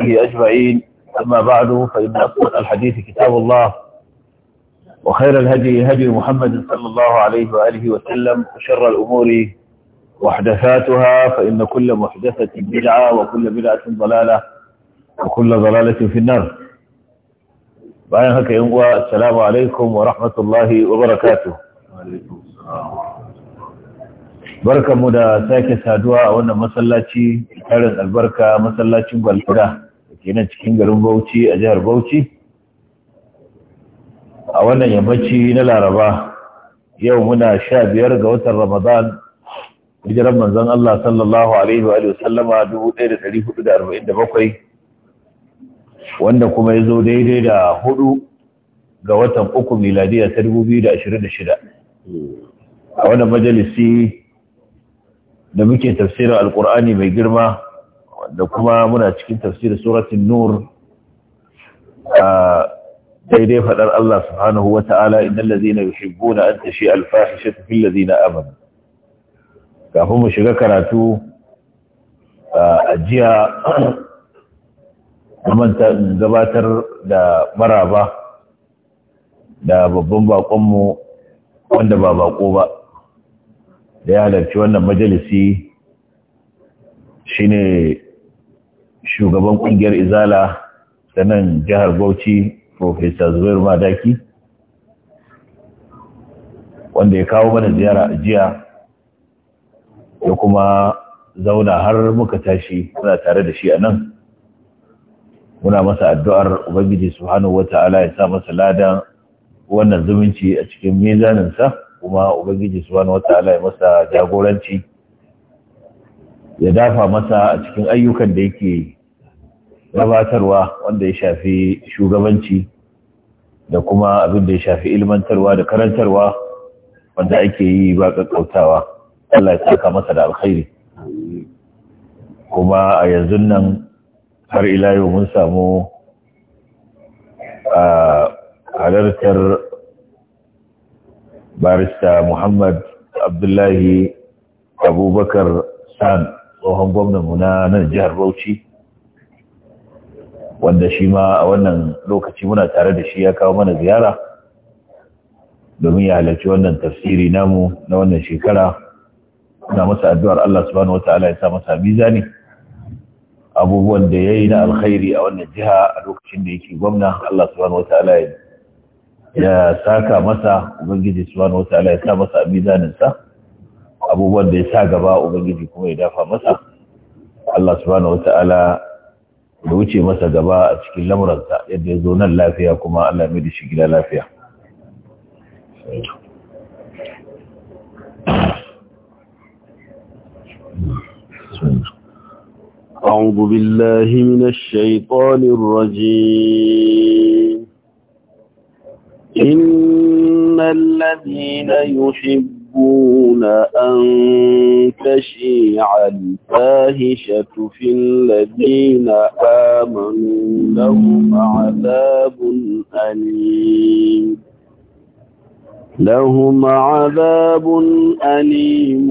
به أجمعين أما بعد فإن أقول الحديث كتاب الله وخير الهدي هدي محمد صلى الله عليه وآله وسلم وشر الأمور محدثاتها فإن كل محدثة بدعه وكل بدعه ضلالة وكل ضلالة في النار بعين هكا ينقوى السلام عليكم ورحمة الله وبركاته بركة مدى ساكت سادوى وانا مسلاتي كارن البركة مسلاتي بالكرة kenan cikin garin Bauchi a jihar Bauchi a wannan yammaci na Laraba yau muna sha biyar ga watan Ramadan hijiran manzon Allah sallallahu alaihi wa sallama 1447 wanda kuma ya zo daidai da hudu ga watan uku miladiya ta 2026 a wannan majalisi da muke tafsirin alkur'ani mai girma wanda kuma muna cikin tafsir suratul nur a daidai fadar Allah subhanahu wata'ala ta'ala innal ladzina yuhibbuna an tashi al-fahishatu fil ladzina amanu kafin mu shiga karatu a jiya manta gabatar da maraba da babban bakonmu wanda ba bako ba da ya halarci wannan majalisi shine shugaban kungiyar izala ta nan jihar bauchi professor zubair madaki wanda ya kawo mana ziyara a jiya ya kuma zauna har muka tashi muna tare da shi a nan muna masa addu'ar ubangiji subhanahu wata'ala ya sa masa ladan wannan zumunci a cikin mizaninsa kuma ubangiji subhanahu wata'ala ya masa jagoranci ya dafa masa a cikin ayyukan da yake gabatarwa wanda ya shafi shugabanci da kuma abin da ya shafi ilmantarwa da karantarwa wanda ake yi ba kakkautawa Allah ya saka masa da alkhairi kuma a yanzu nan har ila yau mun samu a halartar barista Muhammad Abdullahi Abubakar San tsohon gwamnan mu na nan jihar Bauchi wanda shi ma a wannan lokaci muna tare da shi ya kawo mana ziyara domin ya halarci wannan tafsiri namu na wannan shekara na masa addu'ar Allah subhanahu ta’ala ya sa masa mizani abubuwan da ya yi na alkhairi a wannan jiha a lokacin da yake gwamna Allah subhanahu ta’ala ya saka masa ubangiji subhanahu ta’ala ya sa masa sa. abubuwan da ya sa gaba ubangiji kuma ya dafa masa Allah subhanahu wata'ala da wuce masa gaba a cikin lamuransa yadda ya zo nan lafiya kuma Allah mai da shi gida lafiya أعوذ بالله من الشيطان الرجيم إن الذين يحبون يحبون أن تشيع الفاهشة في الذين آمنوا لهم عذاب أليم لهم عذاب أليم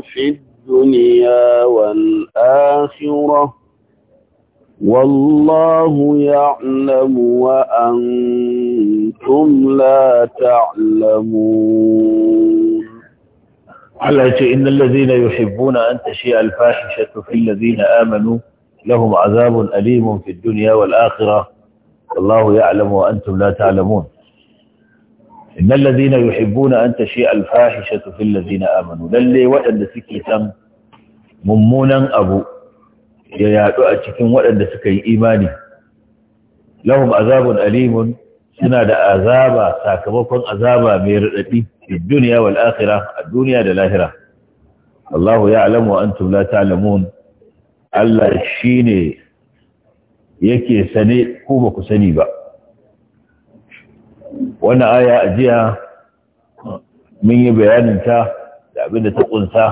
في الدنيا والآخرة والله يعلم وأنت وأنتم لا تعلمون على إن الذين يحبون أن تشيء الفاحشة في الذين آمنوا لهم عذاب أليم في الدنيا والآخرة والله يعلم وأنتم لا تعلمون إن الذين يحبون أن تشيء الفاحشة في الذين آمنوا للي وأن سكتا ممونا أبو يا يا أتكم وأن سكي إيماني لهم عذاب أليم suna da azaba sakamakon azaba mai raɗaɗi a duniya wal akhirah a duniya da lahira Allahu alamu wa antum la ta'lamun Allah shine yake sane ko ba ku sani ba wannan aya a jiya mun yi bayanin ta da abin da ta kunsa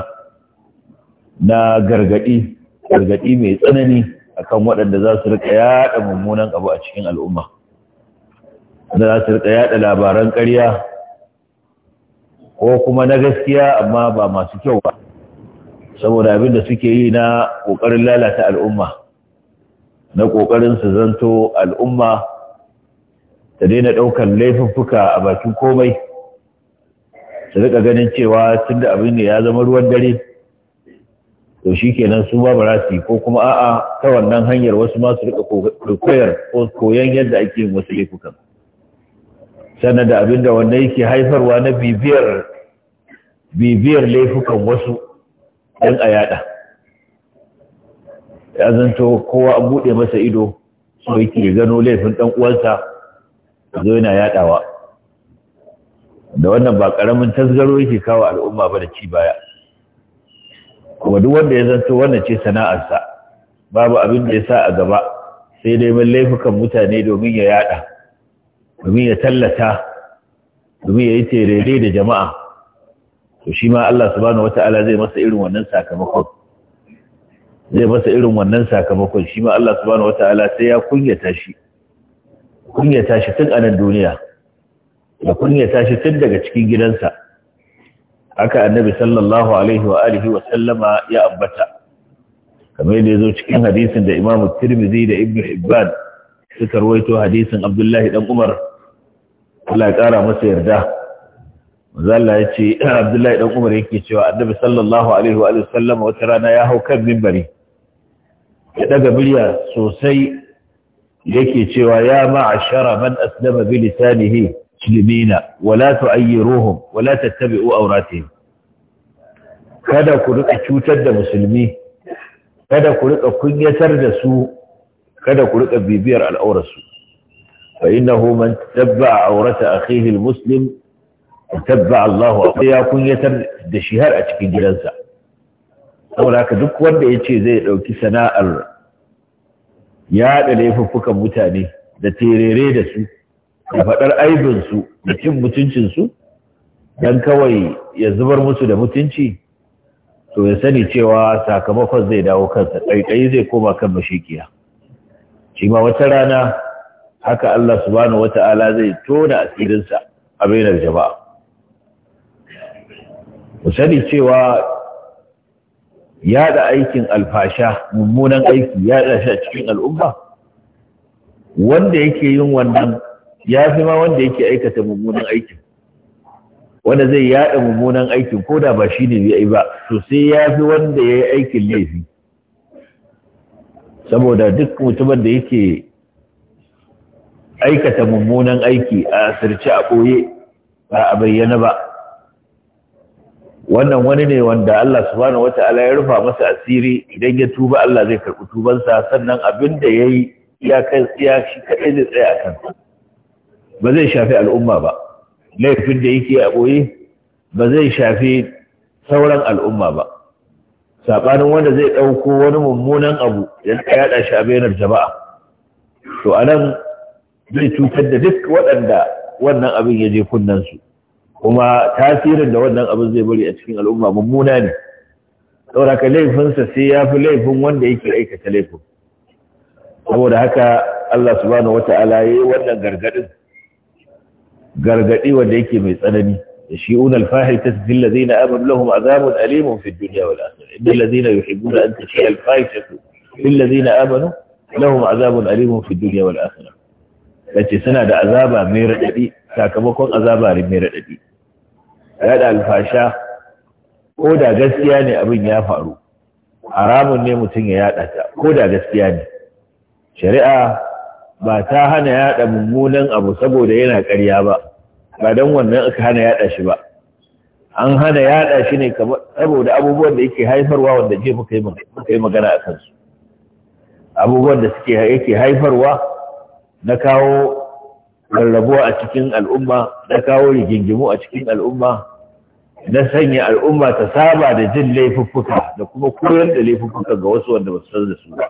na gargadi gargadi mai tsanani akan waɗanda za su rika yaɗa mummunan abu a cikin al'umma da za su rika yaɗa labaran ƙarya ko kuma na gaskiya amma ba masu kyau ba saboda abin da suke yi na ƙoƙarin lalata al'umma na ƙoƙarin su zanto al'umma ta daina ɗaukar laifuffuka a bakin komai su riƙa ganin cewa tun da abin ne ya zama ruwan dare to shi kenan su ba su ko kuma a'a ta wannan hanyar wasu masu riƙa koyar ko koyon yadda ake yin wasu laifukan. sannan da abin da wannan yake haifarwa na bibiyar bibiyar laifukan wasu ɗan a yada ya zanto kowa an buɗe masa ido so yake gano laifin ɗan uwansa zo yana yadawa da wannan ba ƙaramin tasgaro yake kawo al'umma ba da ci baya kuma duk wanda ya zanto wannan ce sana'arsa babu abin da ya sa a gaba sai neman laifukan mutane domin ya yaɗa. domin ya tallata domin ya yi terere da jama'a to shi ma Allah subhanahu wata'ala zai masa irin wannan sakamakon zai masa irin wannan sakamakon shi ma Allah subhanahu wata'ala sai ya kunyata shi kunyata shi tun a nan duniya da kunyata shi tun daga cikin gidansa Aka annabi sallallahu alaihi wa alihi wa sallama ya ambata kamar yadda ya zo cikin hadisin da imamu tirmidhi da ibnu hibban suka rawaito hadisin abdullahi dan umar Allah ya ƙara masa yarda zalla ya ce abdullahi ɗan umar yake cewa annabi sallallahu alaihi wa wata rana ya hau kan mimbari ya ɗaga murya sosai yake cewa ya ma'ashara man aslama bi lisanihi muslimina wala tu'ayyiruhum wala tattabi'u awratihim kada ku riƙa cutar da musulmi kada ku riƙa kunyatar da su kada ku riƙa bibiyar al'aurarsu فإنه من تبع عورة أخيه المسلم تبع الله ya kunyatar da shi har a cikin gidansa saboda haka duk wanda ya ce zai ɗauki sana'ar yaɗa laifuffukan mutane da terere da su da faɗar aibinsu da cin su, don kawai ya zubar musu da mutunci to ya sani cewa sakamakon zai dawo kansa ɗaiɗai zai koma kan mashikiya shi wata rana haka Allah subhanahu wata'ala zai tona asirinsa a bainar jama'a mu sani cewa yada aikin alfasha mummunan aiki yada shi a cikin al'umma wanda yake yin wannan ya fi ma wanda yake aikata mummunan aikin wanda zai yada mummunan aikin ko da ba shi ne zai ba to sai ya fi wanda ya yi aikin laifi saboda duk mutumin da yake aikata mummunan aiki a asirce a ɓoye ba a bayyana ba wannan wani ne wanda Allah subhanahu wata'ala ya rufa masa asiri idan ya tuba Allah zai karɓi tubansa sannan abin da ya yi ya kai ya shi kaɗai zai tsaya a kan ba zai shafi al'umma ba laifin da yake a ɓoye ba zai shafi sauran al'umma ba saɓanin wanda zai ɗauko wani mummunan abu ya yaɗa shi a bainar jama'a to anan zai cutar da duk waɗanda wannan abin ya je kunnensu kuma tasirin da wannan abin zai bari a cikin al'umma mummuna ne sauraka laifinsa sai ya fi laifin wanda yake aikata laifin saboda haka Allah subhanahu wata'ala ya yi wannan gargadin gargadi wanda yake mai tsanani da shi unal fahita fil ladina amanu lahum azabun alimun fid dunya wal akhirah innal ladina yuhibbuna an tashi'a al fahishatu fil ladina amanu lahum azabun alimun fid dunya wal akhirah yace suna da azaba mai radadi sakamakon azaba mai radadi da alfasha ko da gaskiya ne abin ya faru haramun ne mutum ya yada ta ko da gaskiya ne shari'a ba ta hana yada mummunan abu saboda yana ƙarya ba ba don wannan aka hana yada shi ba an hana yada shi ne saboda abubuwan da yake haifarwa wanda je muka yi magana a kansu abubuwan da suke yake haifarwa na kawo rarrabuwa a cikin al'umma na kawo rigingimu a cikin al'umma na sanya al'umma ta saba da jin laifuffuka da kuma koyar da laifuffuka ga wasu wanda ba su san da su ba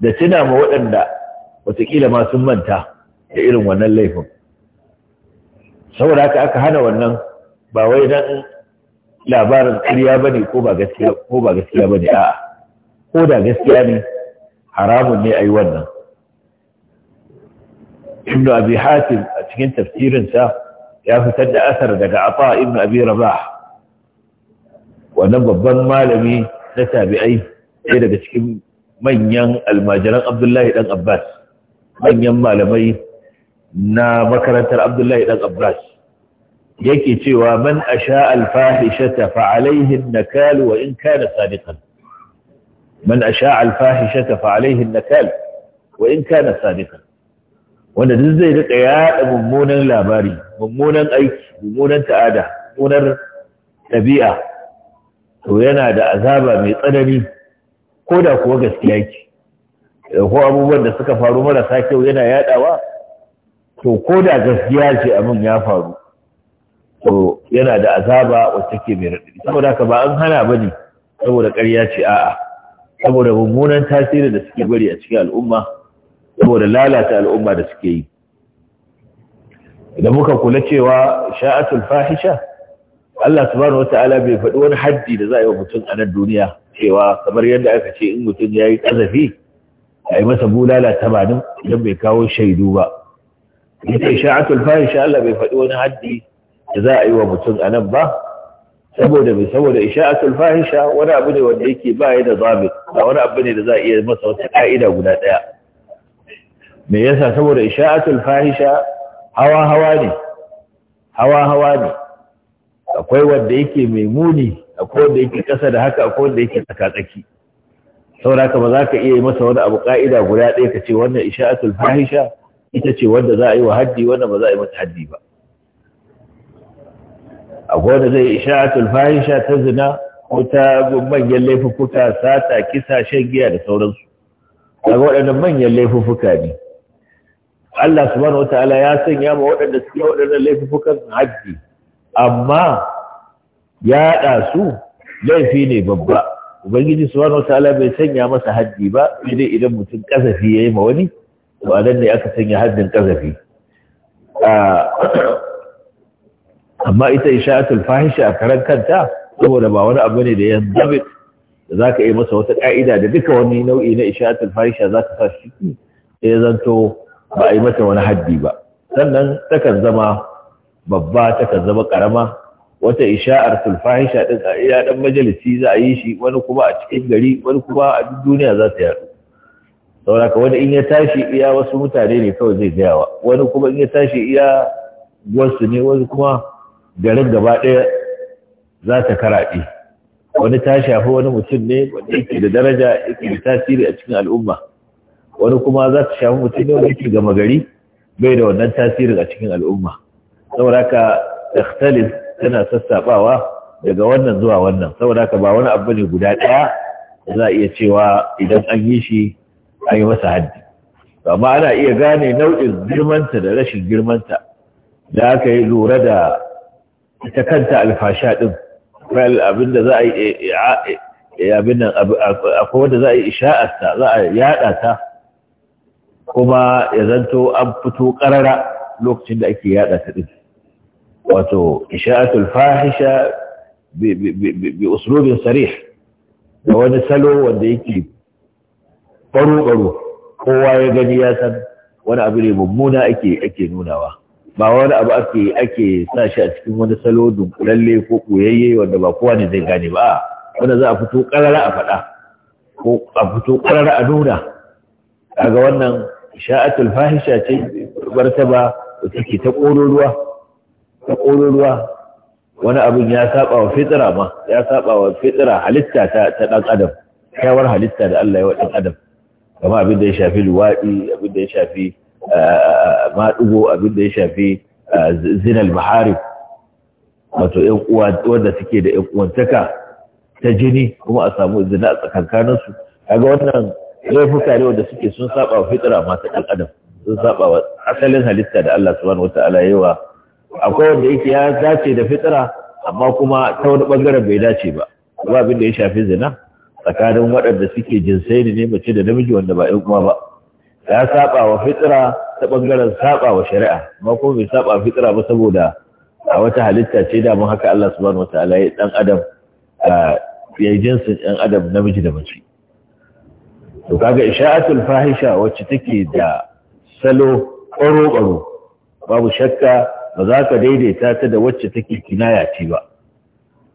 da tuna ma waɗanda watakila ma sun manta da irin wannan laifin saboda haka aka hana wannan ba wai dan labarin ƙarya ba ne ko ba gaskiya ba ne a'a ko da gaskiya ne haramun ne a yi wannan ابن أبي حاتم أتكين تفسير انسى يا تدى أثر دك عطاء ابن أبي رباح ونبض الظن ما لمي نتى بأي إذا تكين من ين المجران عبد الله إلى أباس من ين ما لمي نا مكران عبد الله إلى أباس يكي تيوى من أشاء الفاحشة فعليه النكال وإن كان صادقا من أشاء الفاحشة فعليه النكال وإن كان صادقا wanda duk zai rika yaɗa mummunan labari mummunan aiki mummunan ta'ada mummunar ɗabi'a to yana da azaba mai tsanani ko da kuwa gaskiya ke. ko abubuwan da suka faru marasa kyau yana yaɗawa to ko da gaskiya ce abin ya faru to yana da azaba wacce ke mai raɗi. saboda haka ba an hana ba ne saboda ƙarya ce a'a saboda mummunan tasiri da suke bari a cikin al'umma saboda lalata al'umma da suke yi idan muka kula cewa sha'atul fahisha Allah subhanahu bai faɗi wani haddi da za a yi wa mutum a nan duniya cewa kamar yadda aka ce in mutum ya yi ƙazafi a yi masa bulala tamanin idan bai kawo shaidu ba ita sha'atul fahisha Allah bai faɗi wani haddi da za a yi wa mutum a nan ba saboda mai saboda isha'atul fahisha wani abu ne wanda yake ba da zabi ba wani abu ne da za a iya masa wata ka'ida guda ɗaya me yasa saboda isha'atul fahisha hawa hawa ne hawa hawa ne akwai wanda yake mai muni akwai wanda yake kasa da haka akwai wanda yake tsakatsaki saboda haka ba za ka iya yi masa wani abu ka'ida guda ɗaya ka ce wannan isha'atul fahisha ita ce wanda za a yi wa haddi wanda ba za a yi mata haddi ba akwai wanda zai isha'atul fahisha ta zina ko ta manyan laifuka sata kisa shan giya da sauransu daga waɗannan manyan laifuka ne Allah subhanahu wataala ya sanya ma waɗanda suke waɗannan laifukan haddi amma yaɗa su laifi ne babba ubangiji subhanahu wataala bai sanya masa haddi ba sai idan mutum ya yayi ma wani to anan ne aka sanya haddin kazafi ah, amma ita isha'atul fahisha a karan kanta saboda ba wani abu ne da ya zabit da za ka yi masa wata ƙa'ida da duka wani nau'i na isha'atul fahisha zaka ka sa shi ya zanto ba a yi mata wani haddi ba sannan takan zama babba takan zama karama wata isha'ar sulfahisha din a iya dan majalisi za a yi shi wani kuma a cikin gari wani kuma a duk duniya za ta yaɗu sauraka wani in ya tashi iya wasu mutane ne kawai zai gayawa wani kuma in ya tashi iya wasu ne wani kuma garin gaba ɗaya za ta karaɗe wani ta shafi wani mutum ne wanda yake da daraja yake da tasiri a cikin al'umma wani kuma za ta shafi mutum ne wani yake gama gari bai da wannan tasirin a cikin al'umma saboda ka ikhtalif tana sassaɓawa daga wannan zuwa wannan saboda ka ba wani abu ne guda ɗaya za a iya cewa idan an yi shi an yi masa haddi amma ana iya gane nau'in girmanta da rashin girmanta da aka yi lura da ita kanta alfasha ɗin akwai wanda za a yi isha'arta za a yaɗa ta kuma ya zanto an fito ƙarara lokacin da ake yada ta ɗin wato isha'atul fahisha bi uslubin sarih da wani salo wanda yake baro-baro kowa ya gani ya san wani abu ne mummuna ake nunawa ba wani abu ake ake sa shi a cikin wani salo dunkulalle ko koyayye wanda ba kowa ne zai gane ba wanda za a fito ƙarara a faɗa ko a fito ƙarara a nuna kaga wannan sha'atul fahisha ce martaba ba, take ta ƙororuwa ta ƙororuwa wani abin ya saba wa fitira ma ya saba wa fitira halitta ta ta dan adam kyawar halitta da Allah ya wa dan adam kama abin da ya shafi luwadi abin da ya shafi ah, maɗugo abin da ya shafi ah, zinal maharib wato ƴan uwa wanda suke da ƴan uwantaka ta jini kuma a samu zina a tsakankaninsu kaga wannan laifuka mutane wanda suke sun saba wa fitira masu ɗan sun saba wa asalin halitta da Allah subhanahu wata'ala yawa akwai wanda yake ya dace da fitira amma kuma ta wani bangaren bai dace ba ba abin da ya shafi zina tsakanin waɗanda suke jinsai ne mace da namiji wanda ba ɗan kuma ba ya saba wa fitira ta bangaren saba wa shari'a amma kuma bai saba wa fitira ba saboda a wata halitta ce da mun haka Allah subhanahu wata'ala ya ɗan adam ya jinsin ɗan adam namiji da mace to kaga isha'atul fahisha wacce take da salo ƙwaro-ƙwaro babu shakka ba za ka daidaita ta da wacce take kinaya ce ba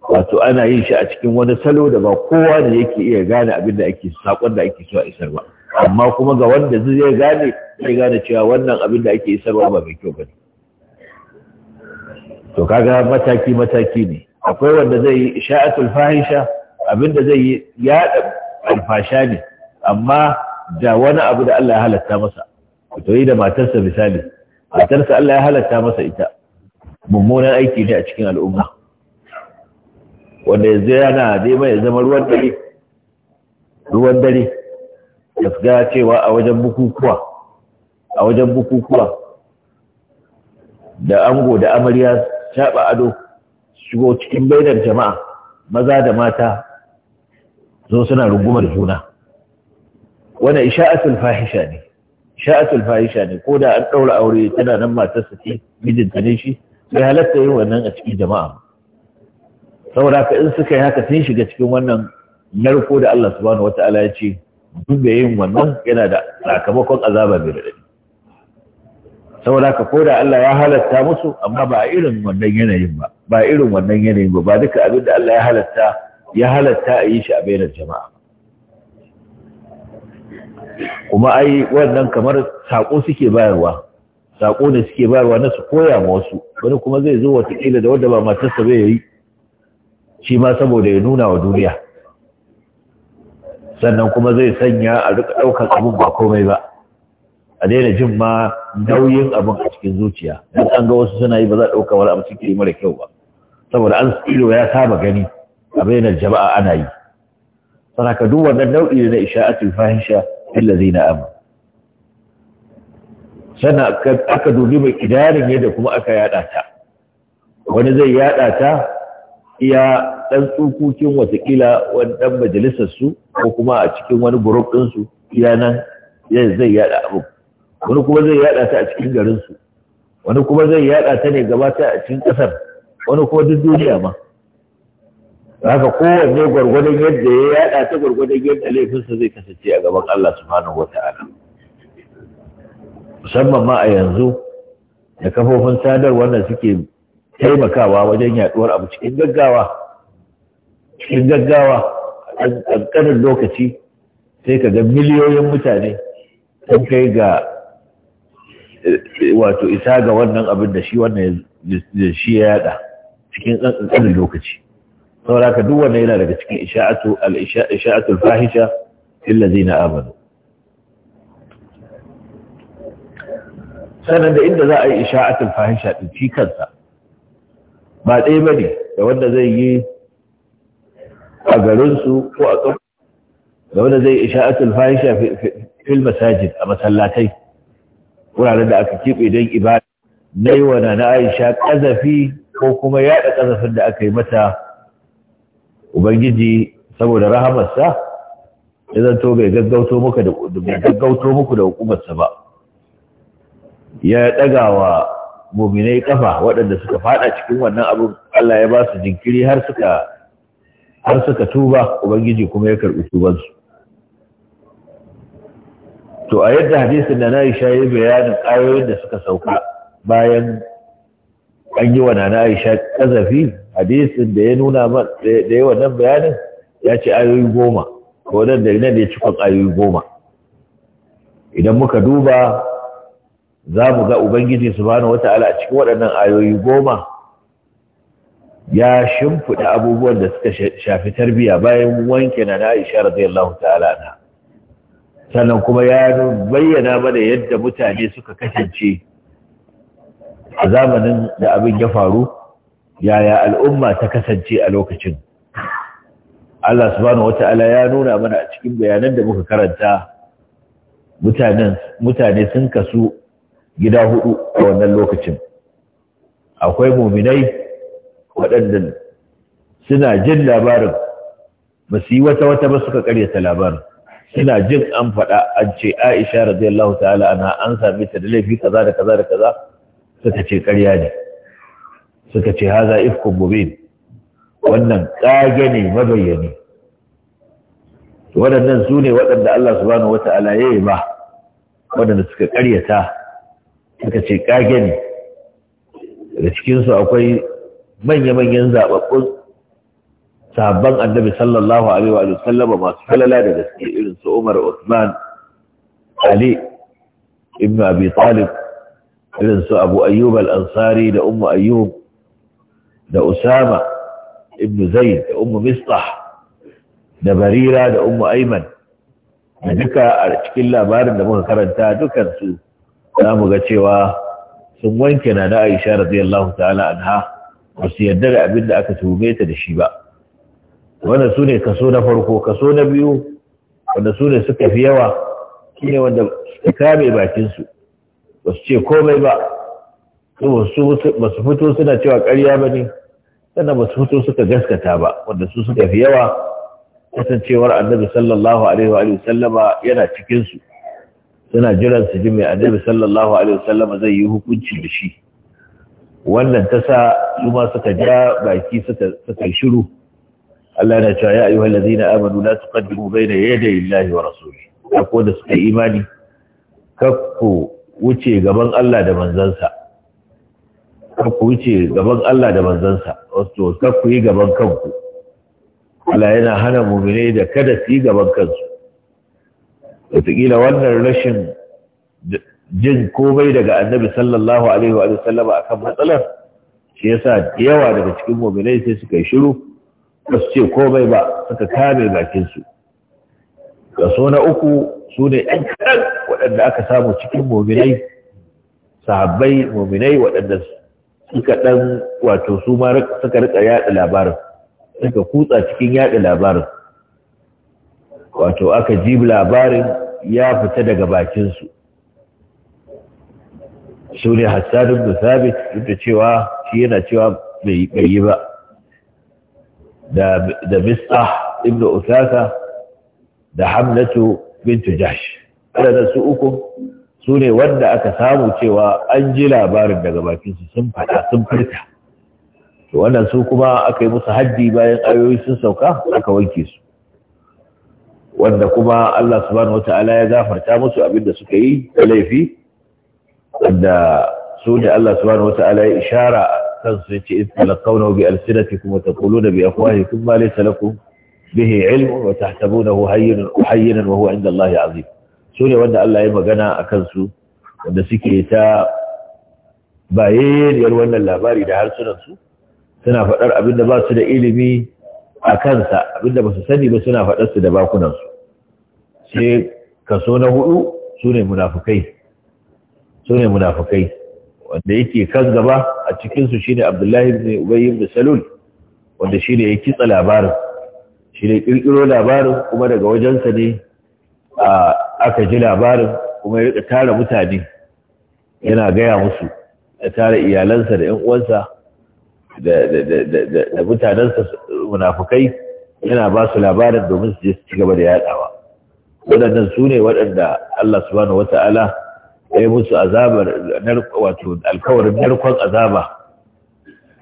wato ana yin shi a cikin wani salo da ba kowa da yake iya gane abin da ake sakon da ake so a isar ba amma kuma ga wanda zai gane zai gane cewa wannan abin da ake isarwa ba mai kyau ba ne to kaga mataki mataki ne akwai wanda zai yi isha'atul fahisha abin da zai yi yaɗa alfasha ne amma da wani abu da Allah ya halatta masa to yi da matarsa misali matarsa Allah ya halatta masa ita mummunan aiki ne a cikin al'umma wanda yanzu yana neman ya zama ruwan dare ruwan dare ya ga cewa a wajen bukukuwa a wajen bukukuwa da ango da amarya shaɓa ado shigo cikin bainar jama'a maza da mata zo suna rungumar juna Wani isha'atul fahisha ne fahisha ne ko da an daura aure tana nan matarsa ce mijinta ne shi sai halatta yin wannan a cikin jama'a saboda ka in suka yi haka sun shiga cikin wannan narko da Allah subhanahu wata'ala ya ce duk da yin wannan yana da sakamakon azaba mai radadi saboda ka ko da Allah ya halatta musu amma ba a irin wannan yanayin ba ba irin wannan yanayin ba ba duka abin da Allah ya halatta ya halatta a yi shi a bainar jama'a kuma ai wannan kamar sako suke bayarwa sako ne suke bayarwa na su koya ma wasu wani kuma zai zo wata watakila da wanda ba matarsa bai yi shi ma saboda ya nuna wa duniya sannan kuma zai sanya a rika ɗaukar abin ba komai ba a daina jin ma nauyin abin a cikin zuciya don an ga wasu suna yi ba za a ɗauka wani abu cikin mara kyau ba saboda an ido ya saba gani a bainar jama'a ana yi sana ka duk wannan nau'i na isha'atul fahisha illazina amanu Sana aka dubi mai kidarin yadda kuma aka yada ta wani zai yada ta iya ɗan tsukukin watakila wani ɗan majalisarsu ko kuma a cikin wani buruk su iya nan zai yada abu wani kuma zai yada ta a cikin garinsu wani kuma zai yada ta ne gabata a cikin ƙasar wani kuma duk duniya ma haka kowanne gwargwadon yadda ya yada ta gwargwadon yadda laifinsa zai kasance a gaban Allah subhanahu wata'ala musamman ma a yanzu da kafofin sadarwa da suke taimakawa wajen yaduwar abu cikin gaggawa cikin gaggawa a ƙanƙanin lokaci sai ka ga miliyoyin mutane sun kai ga wato isa ga wannan abin da shi wannan shi ya yada cikin ƙanƙanin lokaci Sauraka duk wannan yana daga cikin isha'atu al fahisha lil ladina amanu sanan da inda za a yi isha'atul al-fahisha din shi kansa ba ɗaya bane da wanda zai yi a garinsu ko a tsofaffi da wanda zai yi isha'atul fahisha fil masajid a masallatai wuraren da aka kiɓe don ibada na yi wa na Aisha kazafi ko kuma yaɗa ƙazafin da aka yi mata ubangiji saboda rahamarsa ya zanto bai gaggauto muku da gaggauto muku da hukumarsa ba ya daga wa muminai kafa waɗanda suka fada cikin wannan abin Allah ya ba su jinkiri har suka har suka tuba ubangiji kuma ya tuban tubansu to a yadda hadisin da na Aisha ya bayanin ayoyin da suka sauka bayan an yi wa Nana Aisha ƙazafi? hadisin da ya nuna da yawan nan bayanin ya ce ayoyi goma ko nan da nan ya ci kwan ayoyi goma idan muka duba za mu ga ubangiji su wata ala a cikin waɗannan ayoyi goma ya shimfiɗa abubuwan da suka shafi tarbiyya bayan wanke na na aisha radiyallahu ta'ala na sannan kuma ya bayyana mana yadda mutane suka kasance a zamanin da abin ya faru yaya al'umma ta kasance a lokacin Allah subhanahu wata'ala ya nuna mana a cikin bayanan da muka karanta mutane sun kasu gida hudu a wannan lokacin akwai muminai waɗanda suna jin labarin ba su yi wata wata ba suka karyata labarin suna jin an faɗa an ce Aisha radiyallahu ta'ala ana an sami ta da laifi kaza da kaza da kaza suka ce ƙarya ne suka ce haza ifku mubin wannan kage ne mabayyani waɗannan su ne waɗanda Allah subhanahu wata'ala ya yi ba waɗanda suka ƙaryata suka ce kage ne daga cikinsu akwai manya-manyan zaɓaɓɓun sahabban annabi sallallahu alaihi wa sallam masu falala da gaske irin su Umar Uthman Ali ibn Abi Talib irin su Abu Ayyub al-Ansari da Ummu Ayyub da Usama ibn Zaid da Ummu Mistah da Barira da Ummu Ayman, da duka a cikin labarin da muka karanta dukan su za mu ga cewa sun wanke na da Aisha radiyallahu ta'ala anha ba su yarda da abin da aka tuhume ta da shi ba wannan su ne kaso na farko kaso na biyu wanda su ne suka fi yawa shine wanda suka kame bakin su ba su ce komai ba ba su fito suna cewa ƙarya ba ne sannan ba su fito suka gaskata ba wanda su suka fi yawa kasancewar annabi sallallahu alaihi wa sallama yana cikinsu suna jiran su ji mai annabi sallallahu alaihi wa sallama zai yi hukunci da shi wannan ta sa su ma suka ja baki suka shiru Allah na cewa ya ayyuhal ladina amanu la tuqaddimu bayna yaday Allahi wa rasulihi ko da suka imani kakku wuce gaban Allah da manzansa kar ku wuce gaban Allah da manzansa wato kar ku yi gaban kanku Allah yana hana mumine da kada su yi gaban kansu wataƙila wannan rashin jin komai daga annabi sallallahu alaihi wa sallama kan matsalar shi yasa yawa daga cikin muminai sai suka yi shiru ba su ce komai ba suka kame bakinsu kaso na uku su ne ‘yan kaɗan waɗanda aka samu cikin muminai sahabbai muminai waɗanda suka ɗan wato su ma suka rika yaɗa labarin suka kutsa cikin yaɗa labarin wato aka ji labarin ya fita daga bakinsu su ne hassanin da sabit inda cewa shi yana cewa bai yi ba da mista ibn usasa da hamlatu bintu jash waɗannan su uku su ne wanda aka samu cewa an ji labarin daga bakinsu sun fada sun furta wannan su kuma aka yi musu haddi bayan ayoyi sun sauka aka wanke su wanda kuma Allah subhanahu wata'ala ya gafarta musu abinda suka yi da laifi wanda su ne Allah subhanahu wata'ala ya ishara kansu ya ce in talakkauna bi alsinatikum wa taquluna bi afwahikum ma laysa lakum bihi ilmun wa tahsabunahu hayyinan wa huwa inda Allah azim Sune wanda Allah ya magana a kansu wanda suke ta bayayyar wannan labari da harsunansu suna faɗar abinda ba su da ilimi a kansa abinda ba su sani ba suna faɗar su da bakunansu sai kaso na hudu su ne munafukai su wanda yake kan gaba a cikinsu shine abdullahi ibn ubayy ibn salul wanda shine ya kitsa labarin shi ne kirkiro labarin kuma daga wajensa ne aka ji labarin kuma ya tara mutane yana gaya musu ya tara iyalansa da 'yan da mutanensa munafukai yana ba su labarin domin su je su ci gaba da yaɗawa waɗannan su ne waɗanda Allah subhanahu ta'ala ya yi musu azabar wato alkawarin narkon azaba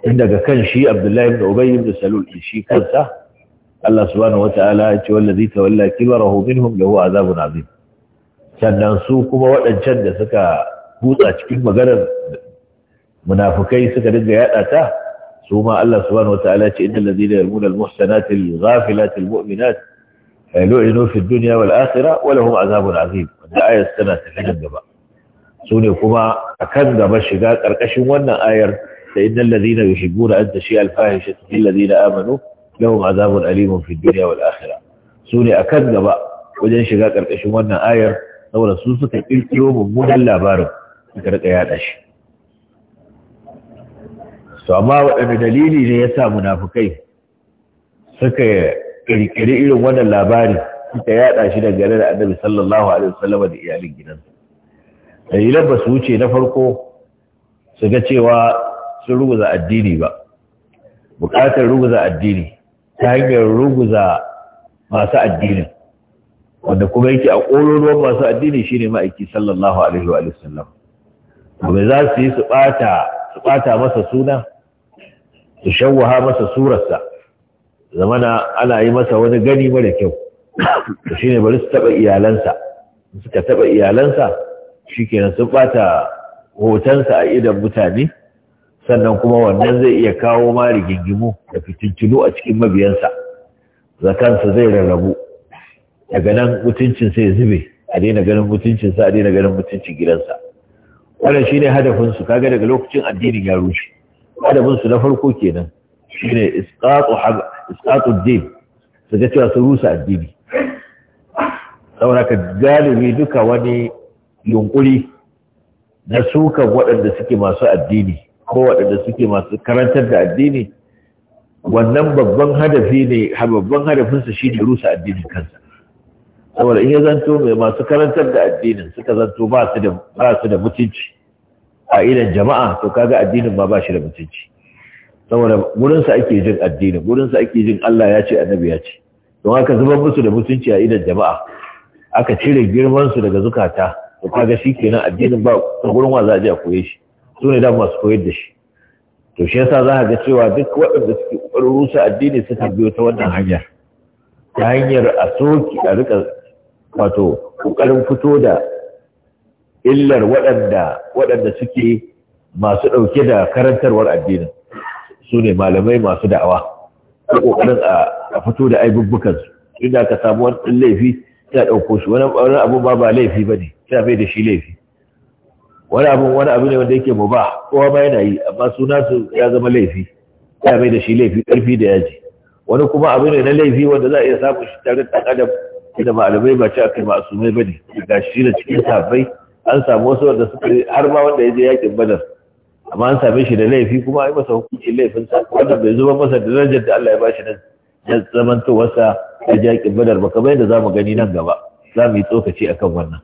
inda ga kan shi abdullahi ibn ubayy ibn salul shi kansa Allah subhanahu wata'ala ya ce wallazi tawalla kibarahu minhum lahu azabun azim sannan su kuma waɗancan da suka hutsa cikin maganar munafukai suka dinga yada ta su ma Allah subhanahu wata'ala ce innal ladina yarmuna almuhsanati alghafilati almu'minat lu'inu fi dunya wal akhirah wa lahum azabun azim da ayat tana cikin gaba Sune kuma akan gaba shiga karkashin wannan ayar da innal ladina yuhibbuna an tashi alfahisha lil ladina amanu lahum azabun alimun fi dunya wal akhirah su ne akan gaba wajen shiga karkashin wannan ayar saboda su suka kirkiro mummunan labarin suka rika yada shi to amma waɗanne dalili ne ya sa munafukai suka kirkiri irin wannan labari suka yada shi dangane da annabi sallallahu alaihi wasallam da iyalin gidansa dalilan ba su wuce na farko su ga cewa sun ruguza addini ba bukatar ruguza addini ta hanyar ruguza masu addinin wanda kuma yake a ƙoruruwan masu addini shine ma'aiki sallallahu alaihi wa sallam kuma za su yi su ɓata masa suna su shawaha masa surarsa zamana ana yi masa wani gani mara kyau to ne bari su taɓa iyalansa ka taɓa iyalansa shi kenan sun ɓata hotonsa a idan mutane sannan kuma wannan zai iya kawo ma rigingimu da fitintunu a cikin mabiyansa zakansa zai rarrabu daga nan mutuncinsa ya zube a daina ganin mutuncinsa a daina ganin mutuncin gidansa wannan shine hadafinsu kaga daga lokacin addinin ya rushe hadafinsu na farko kenan shine isqatu isqatu din su ga cewa su rusa addini saboda ka galibi duka wani yunkuri na sukan waɗanda suke masu addini ko waɗanda suke masu karantar da addini wannan babban hadafi ne babban hadafinsa shi ne rusa addinin kansa saboda in ya zanto mai masu karantar da addinin suka zanto ba su da mutunci a idan jama'a to kaga addinin ma ba shi da mutunci saboda gurinsa ake jin addinin gurinsa ake jin Allah ya ce annabi ya ce don haka zubar musu da mutunci a idan jama'a aka cire girmansu daga zukata to kaga shi kenan addinin ba gurin wa za a je a koye shi su ne da masu koyar da shi to shi yasa za ga cewa duk waɗanda suke ƙoƙarin rusa addini suka biyo ta wannan hanya ta hanyar a soki a rika wato ƙoƙarin fito da illar waɗanda waɗanda suke masu ɗauke da karantarwar addinin su ne malamai masu da'awa ko ƙoƙarin a fito da su. inda ka samu wani laifi ya ɗauko shi wani abu ba ba laifi ba ne bai da shi laifi wani abu wani abu ne wanda yake ba kowa ma yana yi amma suna su ya zama laifi ya mai da shi laifi karfi da yaji wani kuma abu ne na laifi wanda za a iya samun shi tare da adam da malamai ba ce a kai ma'asumai ba ne ga shi da cikin sabai an samu wasu wanda suka har ma wanda ya je yakin badar amma an same shi da laifi kuma a yi masa hukunci laifin sa wanda bai zuba masa da darajar da Allah ya bashi nan ya zamantowarsa je yakin badar ba kamar yadda za mu gani nan gaba za mu yi tsokaci akan wannan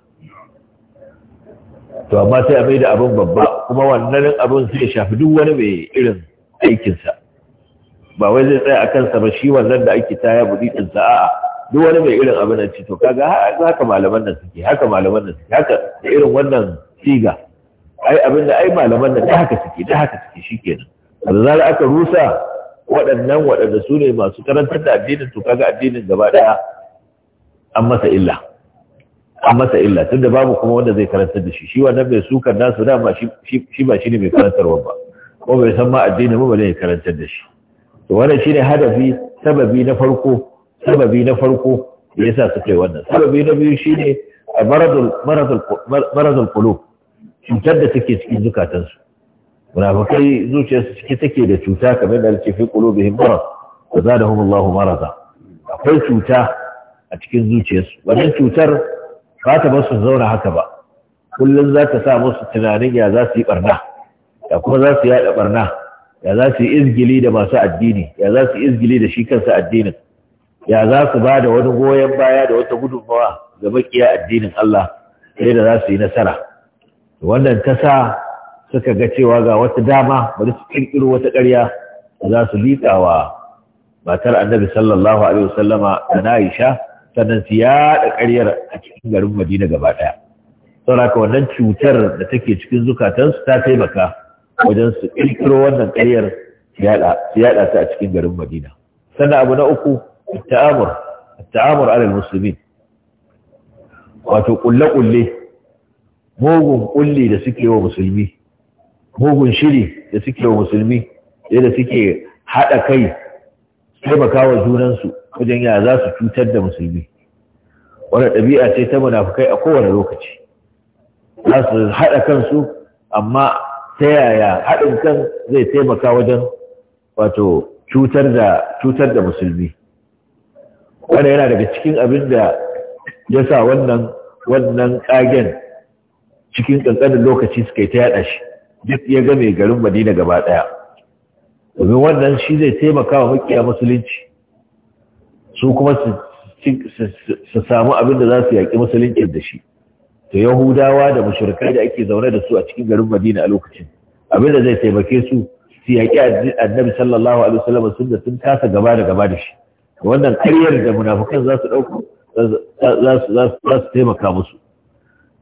to amma sai a mai da abin babba kuma wannan abin sai shafi duk wani mai irin aikinsa ba wai zai tsaya a kansa ba shi wannan da ake taya buɗiɗin sa'a duk wani mai irin abin nan ci to kaga haka malaman nan suke haka malaman nan suke haka da irin wannan siga ai abin da ai malaman nan da haka suke da haka suke shikenan da zarar aka rusa waɗannan waɗanda su ne masu karantar da addinin to kaga addinin gaba ɗaya an masa illa an masa illa tunda babu kuma wanda zai karantar da shi shi wannan mai sukar nasu dama shi ba shi ne mai karantarwa ba ko bai san ma addini ba bane ya karantar da shi to wannan shine hadafi sababi na farko sababi na farko da yasa suka yi wannan sababi na biyu shine maradul maradul maradul qulub cutar da take cikin zukatansu munafikai zuciyarsu ciki take da cuta kamar da ce fi qulubihim marad wa zadahum Allahu marada akwai cuta a cikin zuciyarsu wannan cutar ba ta ba su zauna haka ba kullum za ta sa musu tunanin ya za su yi barna ya kuma za su yaɗa barna ya za su yi izgili da masu addini ya za su yi izgili da shi kansa addinin ya za su ba da wani goyon baya da wata gudunmawa ga makiya addinin Allah sai da za su yi nasara wannan ta sa suka ga cewa ga wata dama bari su kirkiro wata ƙarya da za su liƙa wa matar annabi sallallahu alaihi wasallama da na Aisha sannan su yaɗa ƙaryar a cikin garin madina gaba ɗaya sauraka wannan cutar da take cikin zukatansu ta taimaka wajen su ƙirƙiro wannan ƙaryar su yaɗa ta a cikin garin madina sannan abu na uku ta'amur ta'amur alal musulmi wato ƙulle-ƙulle mugun ƙulle da suke wa musulmi mugun shiri da suke wa musulmi da suke haɗa kai taimaka wa junansu wajen ya za su cutar da musulmi wani ɗabi'a ce ta munafukai a kowane lokaci za su haɗa kansu amma ta yaya haɗin kan zai taimaka wajen wato cutar da da musulmi wanda yana daga cikin abin da ya sa wannan wannan ƙagen cikin ƙanƙanin lokaci suka yi ta yaɗa shi duk ya game garin madina gaba ɗaya domin wannan shi zai taimaka wa makiya musulunci su kuma su samu abin da za su yaƙi musulunci da shi Ta yahudawa da mashirkai da ake zaune da su a cikin garin madina a lokacin abin da zai taimake su su yaƙi annabi sallallahu alaihi wasallam sun da sun kasa gaba da gaba da shi wannan karyar da munafukan za su ɗauko za su taimaka musu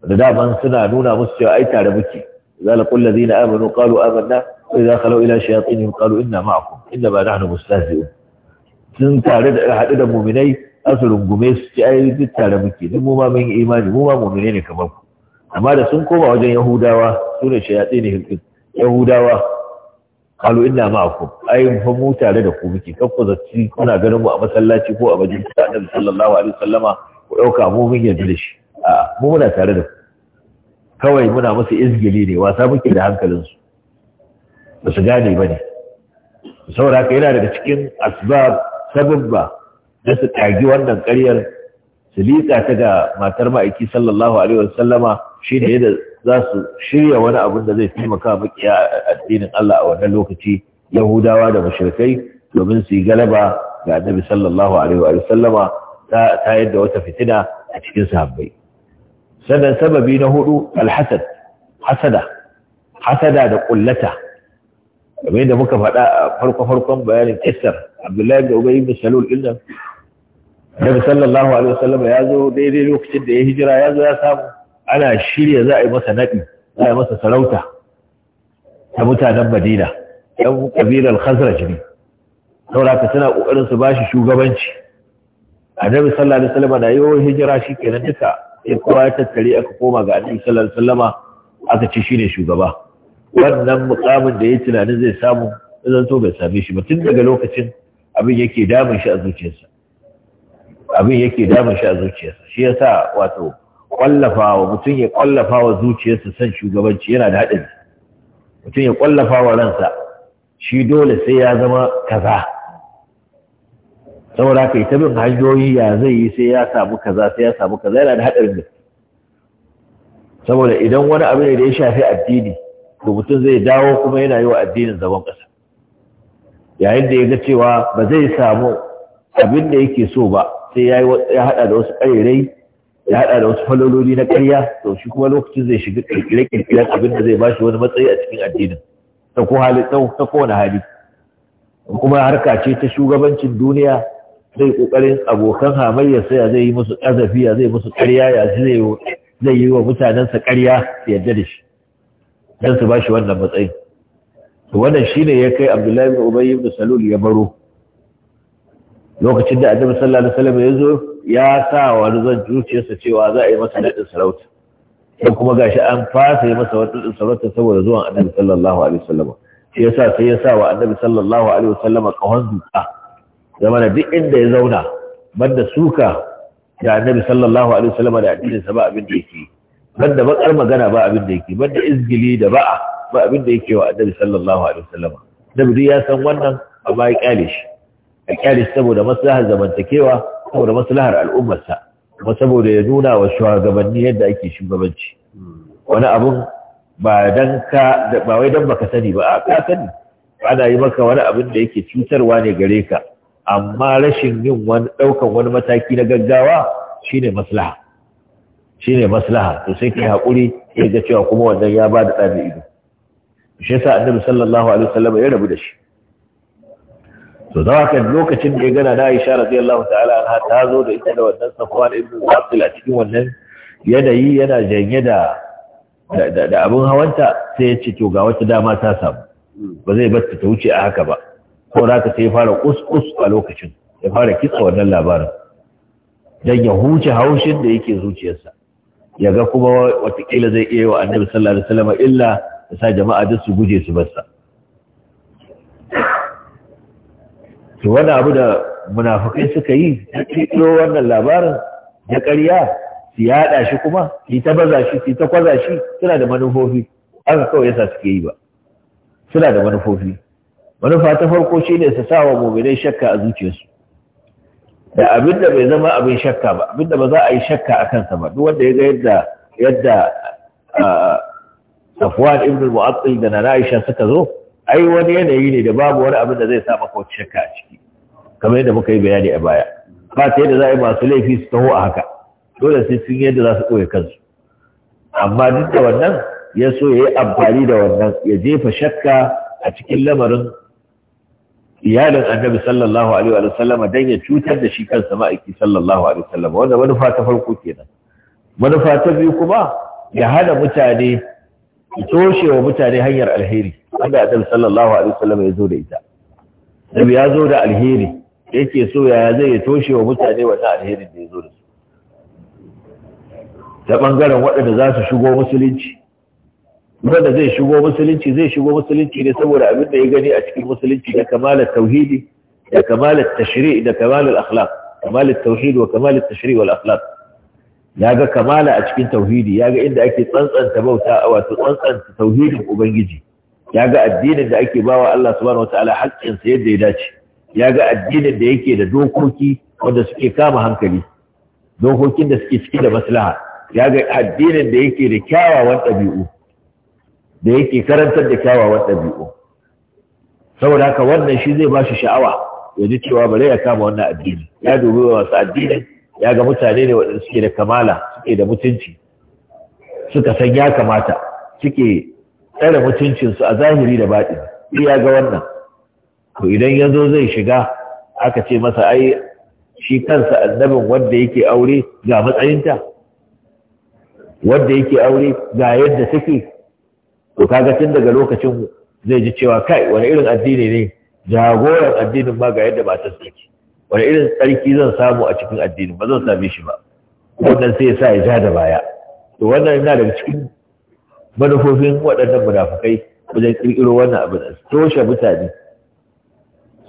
da daman suna nuna musu cewa ai tare muke zalakul ladina amanu qalu amanna وإذا خلوا إلى شياطينهم قالوا إنا معكم إنما نحن مستهزئون sun tare da haɗu da muminai asirin gume su ci ai duk tare muke duk mu mun yi imani mu muminai ne kamar ku amma da sun koma wajen yahudawa su ne shayatsi ne hilkin yahudawa kalu inna ma'akum ai fa mu tare da ku muke kan ku zaci kuna ganin mu a masallaci ko a majalisa annabi sallallahu alaihi wasallama ku ɗauka mu mun yarda da shi a mu muna tare da ku kawai muna musu izgili ne wasa muke da hankalinsu ba su gane ba ne saboda haka yana daga cikin asbab sababba da su tagi wannan ƙaryar su liƙa ta ga matar ma'aiki sallallahu alaihi wasallama shi yadda za su shirya wani abin da zai taimaka makiya addinin Allah a wannan lokaci yahudawa da mashirkai domin su yi galaba ga annabi sallallahu alaihi wasallama ta yadda wata fitina a cikin sahabbai sannan sababi na hudu alhasad hasada hasada da kullata kamar yadda muka faɗa a farko-farkon bayanin kessar. abdullahi da ubayi bin salul ɗin nan sallallahu alaihi wasallam ya zo daidai lokacin da ya hijira ya zo ya samu ana shirya za a yi masa naɗi za a yi masa sarauta ta mutanen madina ɗan ƙabilar khazraj ne sauraka suna ƙoƙarin su ba shi shugabanci annabi sallallahu alaihi wasallam na yiwo hijira shi kenan duka ya kowa ya tattare aka koma ga annabi sallallahu alaihi wasallama aka ce shine shugaba wannan mukamin da ya tunani zai samu zan so bai same shi ba tun daga lokacin abin yake damun shi a zuciyarsa abin yake damun shi a zuciyarsa shi ya sa wato kwallafa wa mutum ya kwallafa wa zuciyarsa san shugabanci yana da haɗin mutum ya kwallafa wa ransa shi dole sai ya zama kaza saboda kai ta bin hanyoyi ya zai yi sai ya samu kaza sai ya samu kaza yana da haɗin gaske saboda idan wani abu ne da ya shafi addini to mutum zai dawo kuma yana yi wa addinin zaman ƙasa yayin da ya ga cewa ba zai samu abin da yake so ba sai ya haɗa da wasu ƙarirai ya haɗa da wasu falololi na ƙarya to shi kuma lokacin zai shiga ƙirƙire ƙirƙire abin da zai ba shi wani matsayi a cikin addinin ta ko hali ta ko hali. kuma harka ce ta shugabancin duniya zai ƙoƙarin abokan hamayya sai zai yi musu ƙazafi ya zai musu ƙarya ya zai yi wa mutanensa ƙarya yarda da shi dan su bashi wannan matsayi to wannan shine ya kai Abdullahi bin Ubay bin Salul ya baro lokacin da Annabi sallallahu alaihi wasallam ya zo ya sa wani zan zuciyarsa cewa za a yi masa naɗin sarauta sai kuma gashi an fasa yi masa wadin sarauta saboda zuwan Annabi sallallahu alaihi wasallam shi yasa sai ya sa wa Annabi sallallahu alaihi wasallam kahon duka. zama da duk inda ya zauna banda suka da Annabi sallallahu alaihi wasallam da addinin sa ba abin da yake banda bakar magana ba abin da yake banda izgili da ba'a ba abin da yake wa annabi sallallahu alaihi wasallam nabi ya san wannan amma ya kyale shi ya kyale shi saboda maslahar zamantakewa saboda maslahar al'ummarsa kuma saboda ya nuna wa shugabanni yadda ake shugabanci wani abun ba dan ka ba wai dan baka sani ba a ka sani ana yi maka wani abin da yake cutarwa ne gare ka amma rashin yin wani daukan wani mataki na gaggawa shine maslaha Shi ne maslaha to sai yi haƙuri, sai ga cewa kuma wannan ya ba da ɗan ido shi yasa annabi sallallahu alaihi wasallam ya rabu da shi to za haka lokacin da ya gana na Aisha radiyallahu ta'ala anha ta zo da ita da wannan Safwan ibn Abdul a cikin wannan yanayi yana janye da da abin hawanta sai ya ce to ga wata dama ta samu ba zai bar ta wuce a haka ba ko za ka sai fara kuskus a lokacin ya fara kitsa wannan labarin dan ya huce haushin da yake zuciyarsa ya ga kuma watakila zai iya wa annabi sallallahu alaihi wasallam illa ya sa jama'a duk su guje su barsa to wani abu da munafukai suka yi shi kiro wannan labarin ya ƙarya su yaɗa shi kuma shi ta baza shi shi ta kwaza shi suna da manufofi an kawai yasa suke yi ba suna da manufofi manufa ta farko shine su sa wa muminai shakka a zuciyarsu da abin da bai zama abin shakka ba abin da ba za a yi shakka a kansa ba duk wanda ya ga yadda yadda Safwan ibn al-Mu'attil da na Aisha suka zo ai wani yanayi ne da babu wani abin da zai sa maka wata shakka a ciki kamar yadda muka yi bayani a baya ba ta yadda za a yi masu laifi su taho a haka dole sai sun yadda za su ɓoye kansu amma duk da wannan ya so ya yi amfani da wannan ya jefa shakka a cikin lamarin iyalin annabi sallallahu alaihi wa sallama dan ya cutar da shi kansa aiki sallallahu alaihi wa sallama wanda manufa ta farko kenan manufa ta biyu kuma ya hada mutane ya toshe wa mutane hanyar alheri wanda annabi sallallahu alaihi wa sallama ya zo da ita nabi ya zo da alheri yake so ya zai ya toshe wa mutane wannan alherin da ya zo da su ta bangaren waɗanda za su shigo musulunci wanda zai shigo musulunci zai shigo musulunci ne saboda abin da ya gani a cikin musulunci da kamalar tauhidi da kamalar tashri da kamalar akhlaq kamalar tauhid wa kamalar tashri wal akhlaq ya kamala a cikin tauhidi yaga inda ake tsantsanta bauta a wato tsantsanta tauhidin ubangiji ya addinin da ake bawa Allah subhanahu wataala haƙƙin sa yadda ya dace yaga ga addinin da yake da dokoki wanda suke kama hankali dokokin da suke ciki da maslaha ya addinin da yake da kyawawan ɗabi'u da yake karantar da kyawawan ɗabi'u saboda haka wannan shi zai ba shi sha'awa ya ji cewa bare ya kama wannan addini ya dubi wasu addinin ya ga mutane ne waɗanda suke da kamala suke da mutunci suka san ya kamata suke tsare mutuncinsu a zahiri da baɗi ya ga wannan to idan ya zo zai shiga aka ce masa ai shi kansa annabin wanda yake aure ga matsayinta wanda yake aure ga yadda take to kaga tun daga lokacin zai ji cewa kai wani irin addini ne jagoran addinin ma ga yadda matar sarki wani irin tsarki zan samu a cikin addinin ba zan same shi ba wannan sai ya sa ya ja da baya to wannan yana daga cikin manufofin waɗannan munafukai wajen ƙirƙiro wannan abin da toshe mutane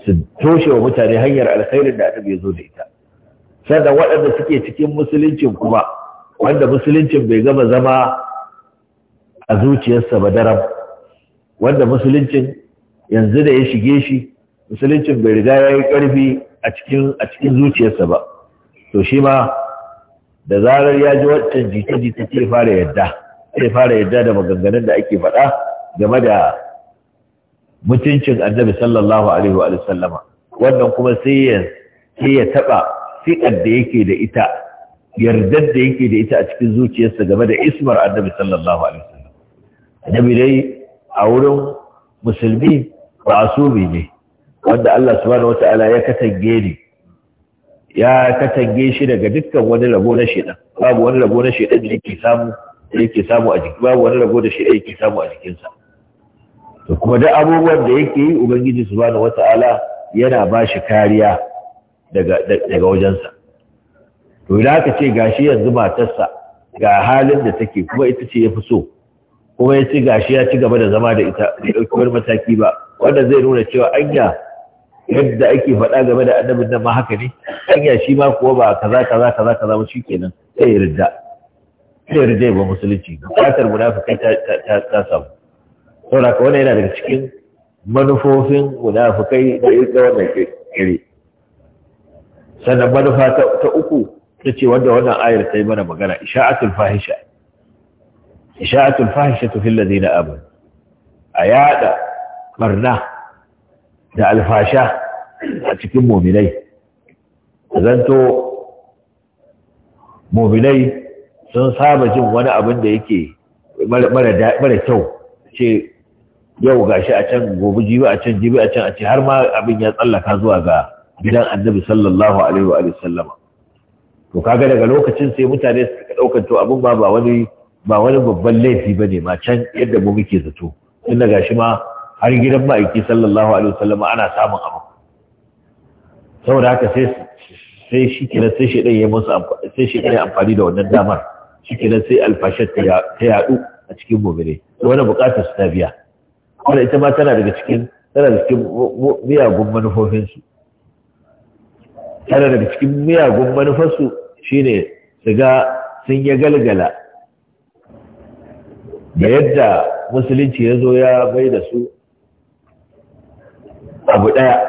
su toshe wa mutane hanyar alkhairin da annabi ya zo da ita sannan waɗanda suke cikin musuluncin kuma wanda musuluncin bai gama zama a zuciyarsa ba daram wanda musuluncin yanzu da ya shige shi musuluncin bai riga ya yi ƙarfi a cikin zuciyarsa ba to shi ma da zarar ya ji waccan jita-jita ce fara yadda sai fara yadda da maganganun da ake faɗa game da mutuncin annabi sallallahu alaihi wa sallama wannan kuma sai ya taɓa fiƙar da yake da ita yardar da yake da ita a cikin zuciyarsa game da ismar annabi sallallahu alaihi wa annabi dai a wurin musulmi rasubi ne wanda Allah subhanahu wata'ala ya katange ne ya katange shi daga dukkan wani rabo na shedan babu wani rabo na shedan da yake samu da yake samu a jiki babu wani rabo da shedan yake samu a jikinsa to kuma duk abubuwan da yake yi ubangiji subhanahu wata'ala yana ba shi kariya daga daga wajensa to idan aka ce gashi yanzu matarsa ga halin da take kuma ita ce yafi so kuma ya ci gashi ya ci gaba da zama da ita da ɗauki wani mataki ba wanda zai nuna cewa anya yadda ake faɗa game da annabin nan ma haka ne anya shi ma kuwa ba kaza kaza kaza kaza ba shi kenan sai yarda sai yarda ba musulunci bukatar munafiki ta ta samu saboda ka wannan yana daga cikin manufofin munafikai da irga wannan kire sannan manufa ta uku ta ce wanda wannan ayar ta yi mana magana isha'atul fahisha isha'atul fahishatu fil ladina amanu a yaɗa barna da alfasha a cikin mu'minai zanto mu'minai sun saba jin wani abin da yake mara kyau ce yau gashi a can gobe jibi a can jibi a can a ce har ma abin ya tsallaka zuwa ga gidan annabi sallallahu alaihi wa sallama to kaga daga lokacin sai mutane suka ɗaukar to abin ba ba wani ba wani babban laifi ba ne ma can yadda mu muke zato inda ga shi ma har gidan ma'aiki sallallahu alaihi wasallam ana samun abu saboda haka sai sai shi kenan sai shi ya musu sai shi amfani da wannan damar shi kenan sai alfashat ta yadu a cikin mu'mini wani bukatar su ta biya wanda ita ma tana daga cikin tana da cikin miyagun manufofinsu tana daga cikin miyagun manufarsu shine su ga sun ya galgala da yadda musulunci ya zo ya bai da su abu ɗaya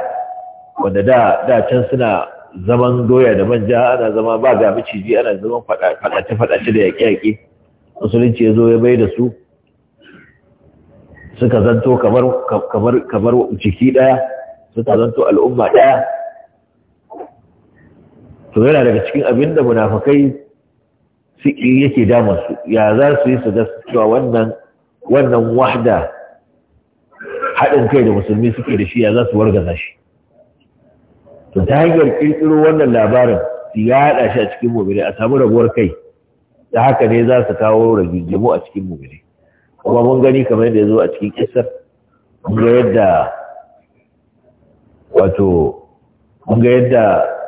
wanda da da can suna zaman doya da manja ana zama ba ga maciji, ana zaman faɗace-faɗace da yaƙe-yaƙe musulunci ya zo ya bai da su suka zanto kamar jiki ɗaya suka zanto al'umma ɗaya to yana daga cikin abin da munafakai yake damar su ya za su yi su cewa wannan wannan wahda haɗin kai da musulmi suke da shi ya za su wargaza shi to ta hanyar kirkiro wannan labarin su yaɗa shi a cikin mumini a samu rabuwar kai da haka ne za su kawo rigingimu a cikin mumini kuma mun gani kamar yadda ya zo a cikin kisar mun ga yadda wato mun ga yadda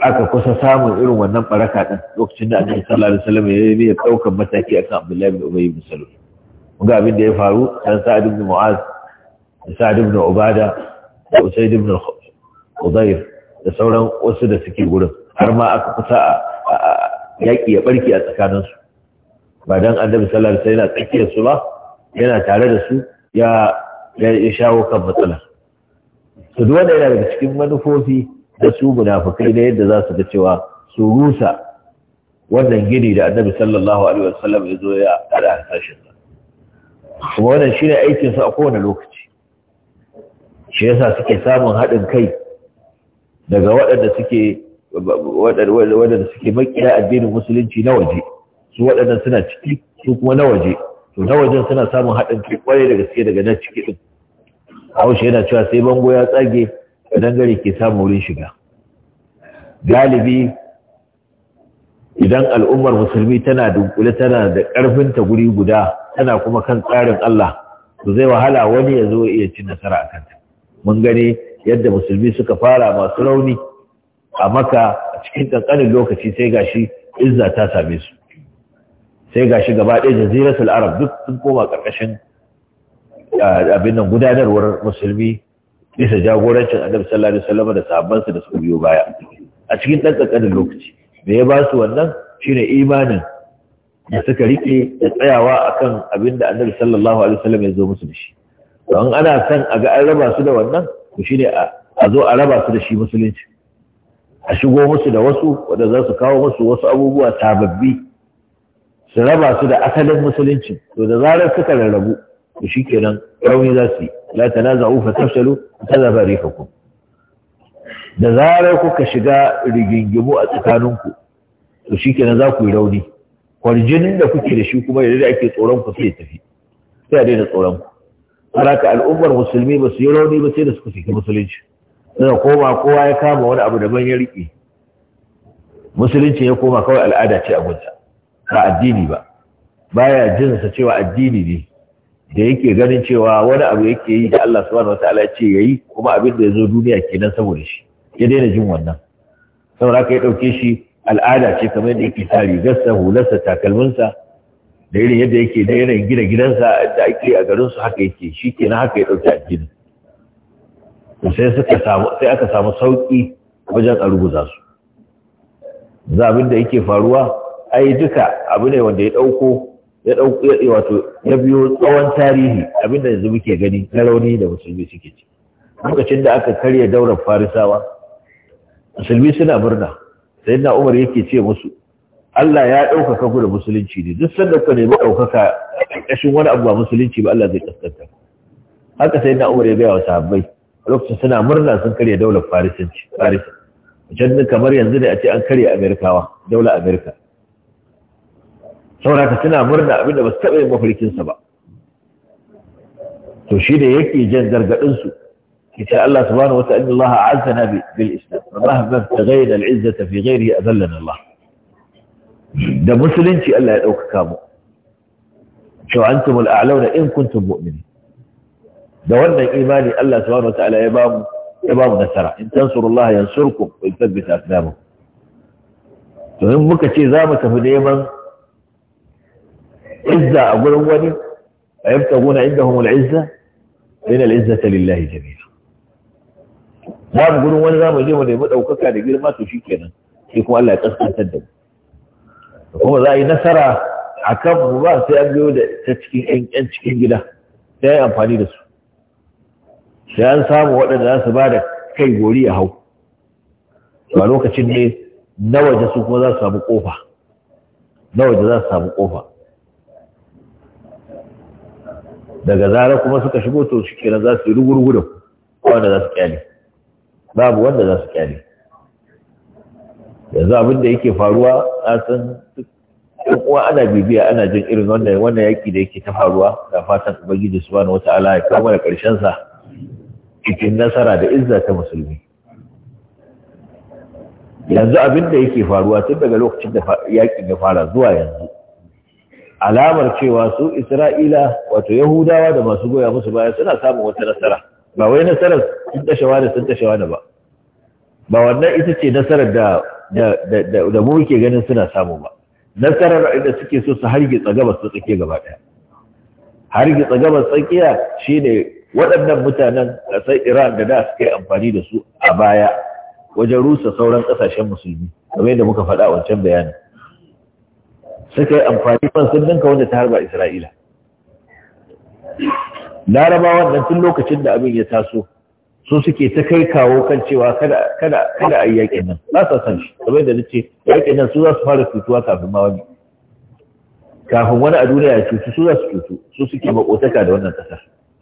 aka kusa samun irin wannan baraka din lokacin da annabi sallallahu alaihi wasallam ya yi niyyar daukar mataki akan Abdullahi bin Ubay bin Salul ga abin da ya faru dan Sa'ad ibn Mu'az da Sa'ad ibn Ubada da Usayd ibn Khudayr da sauran wasu da suke gurin har ma aka kusa yaki ya barki a tsakaninsu ba dan annabi sallallahu alaihi wasallam yana tsakiyar su ba yana tare da su ya ya shawo kan matsala to duk wanda yana da cikin manufofi da su munafikai da yadda za su ga cewa su rusa wannan gini da annabi sallallahu alaihi wasallam ya zo ya kada hasashin sa kuma wannan shine aikin su a kowane lokaci shi yasa suke samun haɗin kai daga waɗanda suke waɗanda suke makiya addinin musulunci na waje su waɗanda suna ciki su kuma na waje to na wajen suna samun haɗin kai kwarai da gaske daga nan ciki din Haushe yana cewa sai bango ya tsage kadangare ke samun wurin shiga galibi idan al'ummar musulmi tana dunkule tana da ta guri guda tana kuma kan tsarin Allah to zai wahala wani ya zo iya ci nasara a kanta mun gani yadda musulmi suka fara masu rauni a maka a cikin ƙanƙanin lokaci sai gashi izza ta same su sai gashi gaba ɗaya jaziratul arab duk sun koma ƙarƙashin abin nan gudanarwar musulmi bisa jagorancin annabi sallallahu alaihi wasallam da sahabbansa da suka biyo baya a cikin dan kankanin lokaci me ya ba su wannan shine imanin da suka rike da tsayawa akan abin da annabi sallallahu alaihi wasallam ya zo musu da shi an ana san a ga an raba su da wannan ku shine a zo a raba su da shi musulunci a shigo musu da wasu wanda za su kawo musu wasu abubuwa sababbi su raba su da asalin musulunci to da zarar suka rarrabu to shikenan rauni za su yi la tanaza'u fa tafshalu tazaba da zarar kuka shiga rigingimu a tsakaninku to kenan za ku yi rauni kwarjinin da kuke da shi kuma yadda ake tsoron ku sai tafi sai a daina tsoron ku haraka al'ummar musulmi ba su yi rauni ba sai da suka saki musulunci suna koma kowa ya kama wani abu daban ya riƙe musulunci ya koma kawai al'ada ce a gunsa ba addini ba baya jinsa cewa addini ne da yake ganin cewa wani abu yake yi da Allah subhanahu wataala ce ya yi kuma abin da ya zo duniya kenan saboda shi ya daina jin wannan saboda ka ya dauke shi al'ada ce kamar yadda yake sa rigarsa hularsa takalminsa da irin yadda yake da irin gina gidansa da ake a garin su haka yake shi kenan haka ya dauke a sai suka sai aka samu sauki wajen a rubuta su za abin da yake faruwa ai duka abu ne wanda ya dauko ya ɗauko ya wato ya biyo tsawon tarihi abinda yanzu muke gani na rauni da musulmi suke ci lokacin da aka karya daular farisawa musulmi suna murna sai na umar yake ce musu Allah ya ɗaukaka ku da musulunci ne duk sanda kuka nemi ɗaukaka ƙashin wani abu ba musulunci ba Allah zai ƙasƙanta. haka sai na umar ya gaya wa sahabbai lokacin suna murna sun karya daular farisanci farisa can kamar yanzu ne a ce an karya amerikawa daular amerika saboda ka suna murna abin da ba su taɓa yin mafarkinsa ba to shi da yake jan gargaɗinsu ita Allah subhanahu wa ta'ala Allah azzana bil islam Allah ta gaira al'izzata fi gairi a zallan Allah da musulunci Allah ya ɗaukaka mu cewa an tumul da in kuntum mu'mini da wannan imani Allah subhanahu wa ta'ala ya ba ya ba mu nasara in tansurullaha yansurkum wa yuthabbit aqdamakum to in muka ce za mu tafi neman izza a gurin wani a yabtaguna inda al-izza inna al ta lillahi jami'a za mu gurin wani zamu je mu nemi ɗaukaka da girma to kenan, sai kuma Allah ya kaskantar da mu kuma za a yi nasara a kan mu ba sai an biyo da ta cikin yan cikin gida sai an amfani da su sai an samu waɗanda za su ba da kai gori a hau a lokacin ne na waje su kuma za su samu ƙofa. na waje za su samu kofa daga zara kuma suka shigo to shi kenan za su yi rugurgu da wanda za su kyale babu wanda za su kyale yanzu abin da yake faruwa a san duk uwa ana bibiya ana jin irin wannan wannan yaki da yake ta faruwa da fatan ubangiji subhanahu wataala ya kama da karshen sa cikin nasara da izza ta musulmi yanzu abin da yake faruwa tun daga lokacin da yakin ya fara zuwa yanzu alamar cewa su isra'ila wato yahudawa da masu goya musu baya suna samun wata nasara ba wai nasarar sun tashawa da sun tashawa da ba ba wannan ita ce nasarar da da mu ke ganin suna samu ba nasarar da suke so su harge tsagabar su tsakiya gaba daya Harge tsagabar tsakiya shine waɗannan mutanen ƙasar iran da da suka yi amfani da su a baya wajen rusa sauran ƙasashen musulmi kamar yadda muka faɗa wancan bayanin suka yi amfani man sun wanda ta harba isra'ila larabawa nan tun lokacin da abin ya taso su suke ta kai kawo kan cewa kada a yi yaƙin nan ba sa san shi kamar da nace yakin nan su za su fara cutuwa kafin ma wani kafin wani a duniya ya cutu su za su cutu su suke makotaka da wannan ƙasar,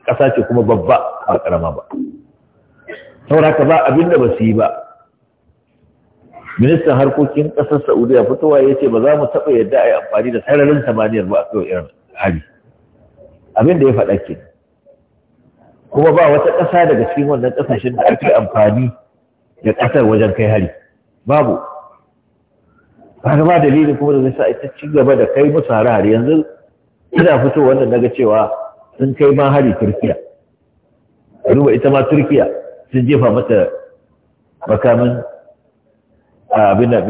ƙasa ce kuma babba ba ƙarama ba saboda ka ba abinda ba su yi ba ministan harkokin ƙasar saudiya fitowa ya ce ba za mu taɓa yadda a yi amfani da sararin samaniyar ba a kai irin hali abin da ya faɗa ke kuma ba wata ƙasa daga cikin wannan ƙasashen da aka yi amfani da ƙasar wajen kai hari babu ba ba dalilin kuma da zai sa ita ci gaba da kai musu hare-hare yanzu ina fito wannan daga cewa sun kai ma hari turkiya duba ita ma turkiya sun jefa mata makamin abin da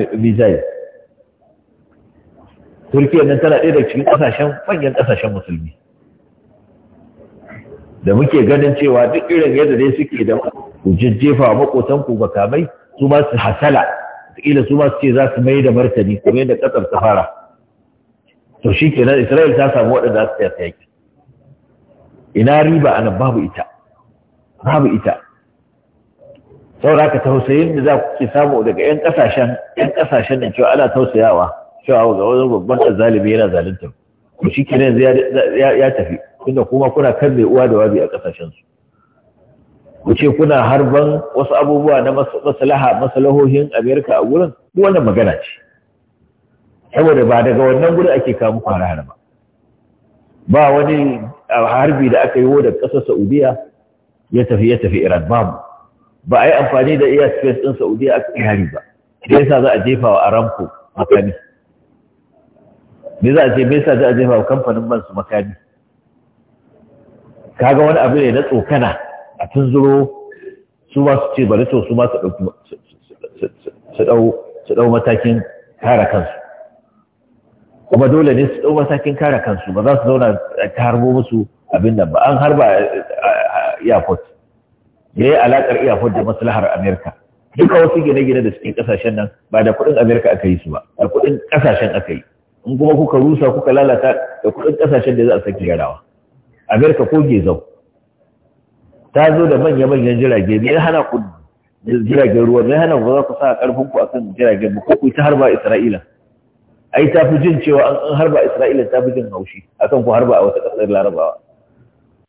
turkiyya nan tana ɗaya daga cikin ƙasashen manyan ƙasashen musulmi da muke ganin cewa duk irin yadda dai suke da ku jejjefa makotan ku kamai? su ma su hasala kila su ma su ce za su mai da martani kamar yadda ƙasar ta fara to shi ke nan isra'il ta samu waɗanda za su tsaya ina riba anan babu ita babu ita saura ka tausayin da za ku ke samu daga 'yan kasashen 'yan kasashen da cewa ana tausayawa cewa ga wani babban zalibi yana zalunta ku shi kenan ya tafi tunda kuma kuna kan mai uwa da wabi a kasashen su ku ce kuna harban wasu abubuwa na masalaha maslahohin Amerika a gurin duk wannan magana ce saboda ba daga wannan gurin ake kamu kwara ba ba wani harbi da aka yi da kasar Saudiya ya tafi ya tafi Iran babu ba a yi amfani da iya space ɗin saudiya a cikin hari ba me yasa za a jefa wa aramco makami me za a ce me yasa za a jefa wa kamfanin man su makami kaga wani abu ne na tsokana a tunzuro su ma su ce bari to su ma su ɗau matakin kare kansu kuma dole ne su ɗau matakin kare kansu ba za su zauna ta harbo musu abin nan ba an harba airport ya yi alaƙar iyakar da maslahar Amerika duka wasu gine-gine da suke ƙasashen nan ba da kuɗin Amerika aka yi su ba da kuɗin ƙasashen aka yi in kuma kuka rusa kuka lalata da kuɗin ƙasashen da za a saki yarawa Amerika ko gezau ta zo da manya-manyan jirage me ya hana ku jiragen ruwa me ya hana ku za ku sa karfin ku kan jiragen ku ko ku ta harba Isra'ila ai ta fi jin cewa an harba Isra'ila ta fi jin haushi akan ku harba a wata ƙasar Larabawa